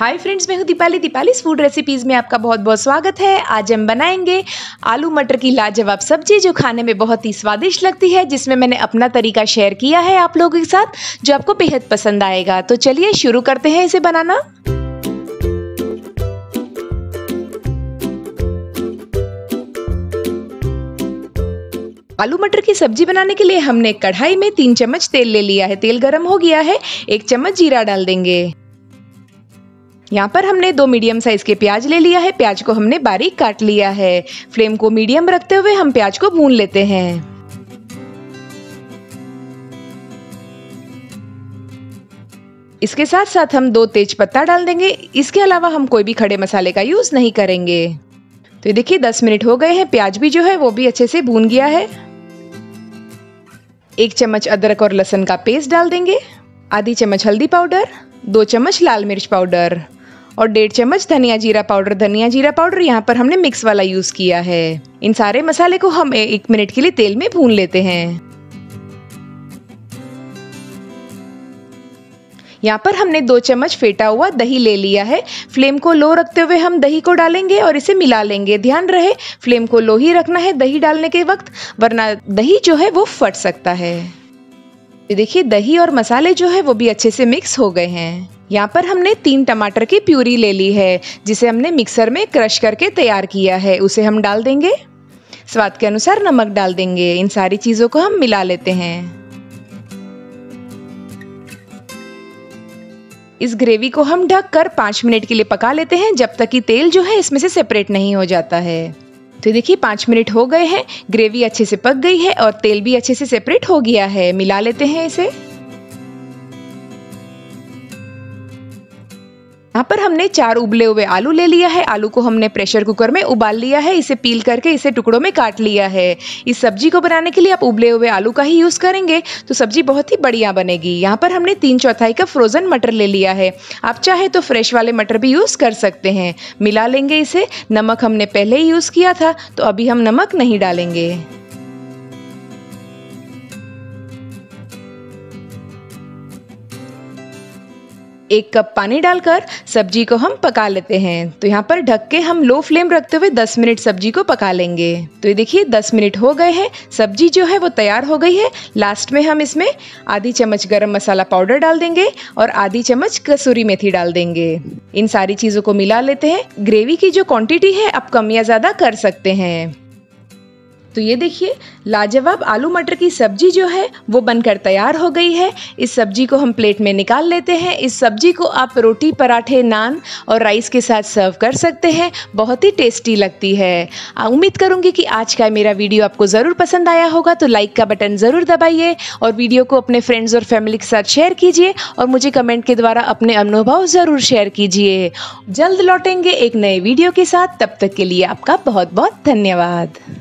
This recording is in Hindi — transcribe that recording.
हाय फ्रेंड्स मैं हूँ दीपाली दीपालीस फूड रेसिपीज़ में आपका बहुत बहुत स्वागत है आज हम बनाएंगे आलू मटर की लाजवाब सब्जी जो खाने में बहुत ही स्वादिष्ट लगती है जिसमें मैंने अपना तरीका शेयर किया है आप लोगों के साथ जो आपको बेहद पसंद आएगा तो चलिए शुरू करते हैं इसे बनाना आलू मटर की सब्जी बनाने के लिए हमने कढ़ाई में तीन चम्मच तेल ले लिया है तेल गरम हो गया है एक चम्मच जीरा डाल देंगे यहाँ पर हमने दो मीडियम साइज़ के प्याज ले लिया है प्याज को हमने बारीक काट लिया है फ्लेम को मीडियम रखते हुए हम प्याज को भून लेते हैं इसके साथ साथ हम दो तेज पत्ता डाल देंगे इसके अलावा हम कोई भी खड़े मसाले का यूज़ नहीं करेंगे तो ये देखिए 10 मिनट हो गए हैं प्याज भी जो है वो भी अच्छे से भून गया है एक चम्मच अदरक और लहसुन का पेस्ट डाल देंगे आधी चम्मच हल्दी पाउडर दो चम्मच लाल मिर्च पाउडर और डेढ़ चम्मच धनिया जीरा पाउडर धनिया जीरा पाउडर यहाँ पर हमने मिक्स वाला यूज किया है इन सारे मसाले को हम एक मिनट के लिए तेल में भून लेते हैं यहाँ पर हमने दो चम्मच फेटा हुआ दही ले लिया है फ्लेम को लो रखते हुए हम दही को डालेंगे और इसे मिला लेंगे ध्यान रहे फ्लेम को लो ही रखना है दही डालने के वक्त वरना दही जो है वो फट सकता है देखिए दही और मसाले जो है वो भी अच्छे से मिक्स हो गए हैं यहाँ पर हमने तीन टमाटर की प्यूरी ले ली है जिसे हमने मिक्सर में क्रश करके तैयार किया है उसे हम डाल देंगे स्वाद के अनुसार नमक डाल देंगे इन सारी चीज़ों को हम मिला लेते हैं इस ग्रेवी को हम ढक कर पांच मिनट के लिए पका लेते हैं जब तक कि तेल जो है इसमें से सेपरेट नहीं हो जाता है तो देखिए पांच मिनट हो गए हैं ग्रेवी अच्छे से पक गई है और तेल भी अच्छे से सेपरेट हो गया है मिला लेते हैं इसे यहाँ पर हमने चार उबले हुए आलू ले लिया है आलू को हमने प्रेशर कुकर में उबाल लिया है इसे पील करके इसे टुकड़ों में काट लिया है इस सब्जी को बनाने के लिए आप उबले हुए आलू का ही यूज़ करेंगे तो सब्जी बहुत ही बढ़िया बनेगी यहाँ पर हमने तीन चौथाई का फ्रोज़न मटर ले लिया है आप चाहे तो फ्रेश वाले मटर भी यूज़ कर सकते हैं मिला लेंगे इसे नमक हमने पहले ही यूज़ किया था तो अभी हम नमक नहीं डालेंगे एक कप पानी डालकर सब्जी को हम पका लेते हैं तो यहाँ पर ढक के हम लो फ्लेम रखते हुए 10 मिनट सब्जी को पका लेंगे तो ये देखिए 10 मिनट हो गए हैं सब्जी जो है वो तैयार हो गई है लास्ट में हम इसमें आधी चम्मच गरम मसाला पाउडर डाल देंगे और आधी चम्मच कसूरी मेथी डाल देंगे इन सारी चीज़ों को मिला लेते हैं ग्रेवी की जो क्वान्टिटी है आप कम या ज़्यादा कर सकते हैं तो ये देखिए लाजवाब आलू मटर की सब्जी जो है वो बनकर तैयार हो गई है इस सब्जी को हम प्लेट में निकाल लेते हैं इस सब्जी को आप रोटी पराठे नान और राइस के साथ सर्व कर सकते हैं बहुत ही टेस्टी लगती है उम्मीद करूँगी कि आज का मेरा वीडियो आपको ज़रूर पसंद आया होगा तो लाइक का बटन ज़रूर दबाइए और वीडियो को अपने फ्रेंड्स और फैमिली के साथ शेयर कीजिए और मुझे कमेंट के द्वारा अपने अनुभव ज़रूर शेयर कीजिए जल्द लौटेंगे एक नए वीडियो के साथ तब तक के लिए आपका बहुत बहुत धन्यवाद